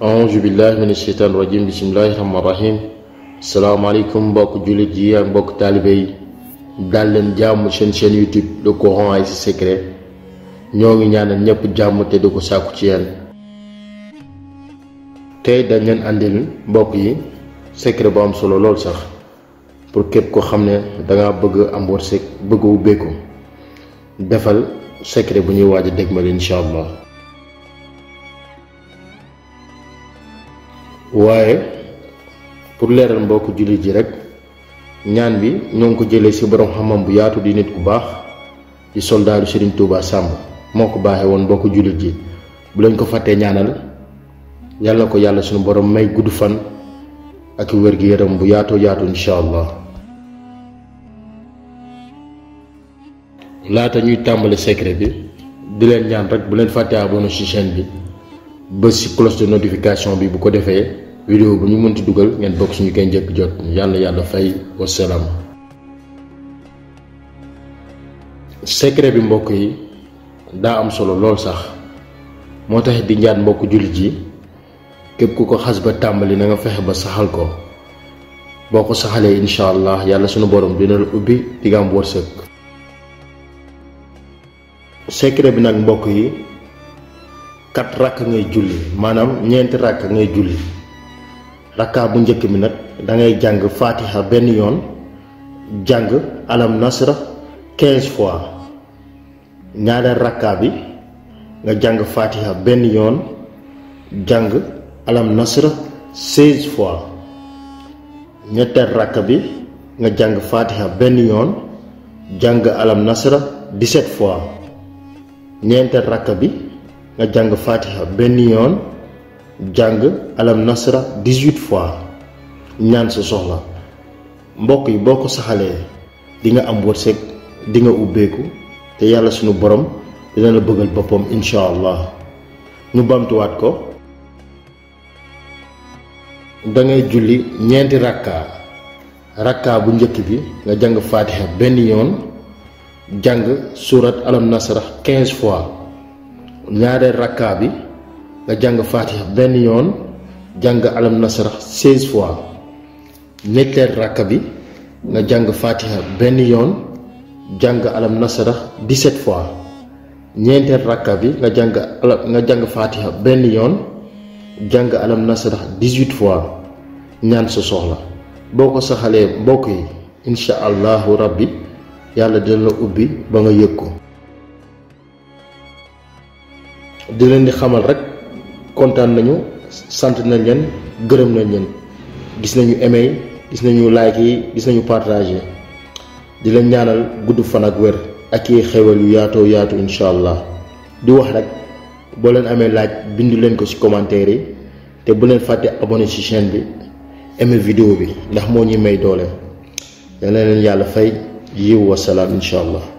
auzu billahi min asheytaan rajim bismillahi rahmaan rahim salaamaaleykum mbokk jullit yi ak mbokk taalibe yi daal leen jàmm seen chaîne YouTube Le Coran et ses secrets ñoo ngi ñaanal ñépp jàmm te di ko sàkku ci yéen tey dañ leen àndil mbokk yi secret bu am solo lool sax pour képp ko xam ne danga bëgg am wërsëg bëgg ubbeeku defal secret bu ñuy waaj a dégmal incha allah waaye pour leeral mbokku jullit ji rek ñaan bi ñoo ko jëlee si borom xam-xam bu yaatu di nit ku baax di soldaaru Serigne Touba Samb moo ko baaxee woon mbokku ji bu lañ ko fàttee ñaanal yàlla ko yàlla suñu borom may gudd fan ak wér gi yaram bu yaatoo yaatu incha laata ñuy tàmbali secret bi di leen ñaan rek bu leen fàtte abonné chaîne bi ba cloche de notification bi bu ko vidéo bu ñu mënti dugal ngeen bokk suñu koy njëkk jot yàlla yàlla fay wasalaam secret bi mbokk yi daa am solo lool sax moo tax di njaat mbokk jullit yi képp ku ko xas ba tàmbali na nga fexe ba saxal ko boo ko saxalee incha allah yàlla sunu borom dina la ubbi di nga am wërsëg secret bi nag mbokk yi kat rakk ngay julli maanaam ñeenti rakk ngay julli rakkaa bu njëkk bi nag da ngay jàng fatiha benn yoon jàng alam nasra quinze fois ñaareel rakkaa bi nga jàng fatiha benn yoon jàng alam nasra seize fois ñetteel rakk bi nga jàng fatiha benn yoon jàng alam nasra dix fois ñeenteel rakk bi nga jàng fatiha benn yoon jàng alam nasra dix-huit fois ñaan sa soxla mbokk yi boo ko saxalee dinga am wërsëg dinga nga ubbeeku te yàlla sunu borom dina la bëggal boppam incha allah ñu bamtuwaat ko da ngay julli ñeenti rakka rakka bu njëkk bi nga jàng faatiha benn yoon jàng surat alam nasra quinze fois ñaareel rakka bi nga jàng faatiha benn yoon jàng alam nasarax seize fois ñetteel ràkka bi nga jàng faatiha benn yoon jàng alam nasarax dix fois ñeenteel ràkka bi nga jàng alam benn yoon jàng alam nasarax dix fois ñaan sa soxla boo ko saxalee mbokk yi incha allahu rabbi yàlla dina la ubbi ba nga yëg ko di leen di xamal rek kontaan nañu sant nañ leen gërëm nañ leen gis nañu aimé gis nañu like yi gis nañu partagé di leen ñaanal gudd fan ak wér ak yi xewal yu yaatoo yaatu incha allah di wax rek boo leen amee laaj bindu leen ko ci commentaire yi te bu leen fàtte abonné ci chaîne bi aimé vidéo bi ndax moo ñuy may doole yal na leen yàlla fay yiw wasalaam incha allah